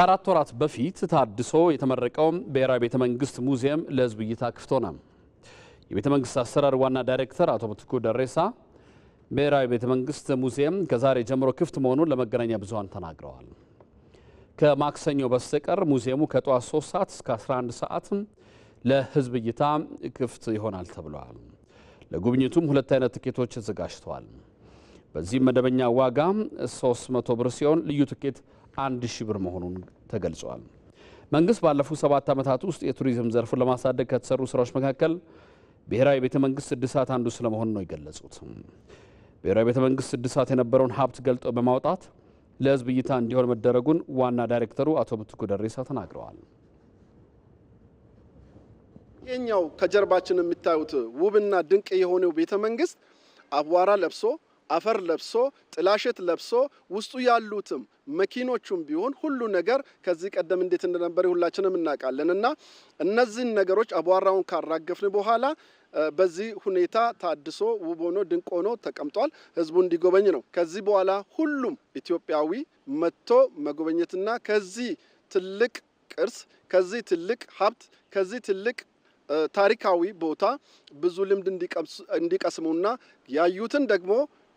ከአራት ወራት በፊት ታድሶ የተመረቀው ብሔራዊ ቤተ መንግስት ሙዚየም ለህዝብ እይታ ክፍት ሆነ። የቤተ መንግስት አሰራር ዋና ዳይሬክተር አቶ ብትኩ ደሬሳ ብሔራዊ ቤተ መንግስት ሙዚየም ከዛሬ ጀምሮ ክፍት መሆኑን ለመገናኛ ብዙኃን ተናግረዋል። ከማክሰኞ በስተቀር ሙዚየሙ ከጠዋት 3 ሰዓት እስከ 11 ሰዓት ለህዝብ እይታ ክፍት ይሆናል ተብሏል። ለጉብኝቱም ሁለት አይነት ትኬቶች ተዘጋጅተዋል። በዚህም መደበኛ ዋጋ 300 ብር ሲሆን ልዩ ትኬት አንድ ሺህ ብር መሆኑን ተገልጿል። መንግስት ባለፉት ሰባት ዓመታት ውስጥ የቱሪዝም ዘርፉን ለማሳደግ ከተሰሩ ስራዎች መካከል ብሔራዊ ቤተ መንግስት እድሳት አንዱ ስለመሆኑ ነው የገለጹት። ብሔራዊ ቤተ መንግስት እድሳት የነበረውን ሀብት ገልጦ በማውጣት ለህዝብ እይታ እንዲሆን መደረጉን ዋና ዳይሬክተሩ አቶ ብትኩ ደሬሳ ተናግረዋል። ይህኛው ከጀርባችን የምታዩት ውብና ድንቅ የሆነው ቤተ መንግስት አቧራ ለብሶ አፈር ለብሶ ጥላሸት ለብሶ ውስጡ ያሉትም መኪኖቹም ቢሆን ሁሉ ነገር ከዚህ ቀደም እንዴት እንደነበር ሁላችንም እናውቃለን። እና እነዚህን ነገሮች አቧራውን ካራገፍን በኋላ በዚህ ሁኔታ ታድሶ ውብ ሆኖ ድንቅ ሆኖ ተቀምጧል። ህዝቡ እንዲጎበኝ ነው። ከዚህ በኋላ ሁሉም ኢትዮጵያዊ መጥቶ መጎበኘትና ከዚህ ትልቅ ቅርስ ከዚህ ትልቅ ሀብት ከዚህ ትልቅ ታሪካዊ ቦታ ብዙ ልምድ እንዲቀስሙና ያዩትን ደግሞ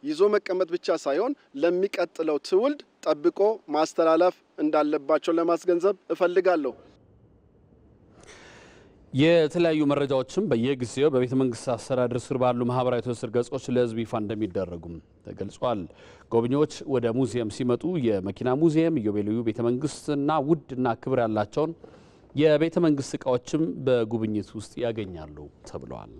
ይዞ መቀመጥ ብቻ ሳይሆን ለሚቀጥለው ትውልድ ጠብቆ ማስተላለፍ እንዳለባቸው ለማስገንዘብ እፈልጋለሁ። የተለያዩ መረጃዎችም በየጊዜው በቤተ መንግስት አስተዳደር ስር ባሉ ማህበራዊ ትስስር ገጾች ለህዝብ ይፋ እንደሚደረጉም ተገልጿል። ጎብኚዎች ወደ ሙዚየም ሲመጡ የመኪና ሙዚየም፣ ኢዮቤልዩ ቤተ መንግስትና ውድና ክብር ያላቸውን የቤተ መንግስት እቃዎችም በጉብኝት ውስጥ ያገኛሉ ተብለዋል።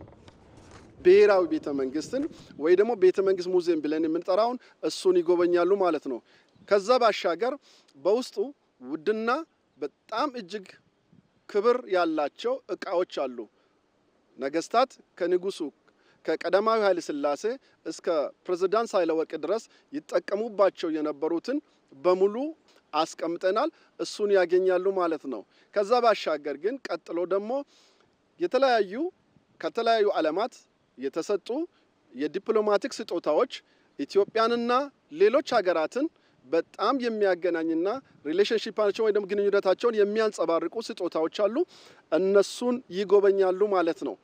ብሔራዊ ቤተ መንግስትን ወይ ደግሞ ቤተ መንግስት ሙዚየም ብለን የምንጠራውን እሱን ይጎበኛሉ ማለት ነው። ከዛ ባሻገር በውስጡ ውድና በጣም እጅግ ክብር ያላቸው እቃዎች አሉ። ነገስታት ከንጉሱ ከቀዳማዊ ኃይለ ሥላሴ እስከ ፕሬዝዳንት ሳህለወርቅ ድረስ ይጠቀሙባቸው የነበሩትን በሙሉ አስቀምጠናል። እሱን ያገኛሉ ማለት ነው። ከዛ ባሻገር ግን ቀጥሎ ደግሞ የተለያዩ ከተለያዩ ዓለማት የተሰጡ የዲፕሎማቲክ ስጦታዎች ኢትዮጵያንና ሌሎች ሀገራትን በጣም የሚያገናኝና ሪሌሽንሽፓቸውን ወይ ደግሞ ግንኙነታቸውን የሚያንጸባርቁ ስጦታዎች አሉ። እነሱን ይጎበኛሉ ማለት ነው።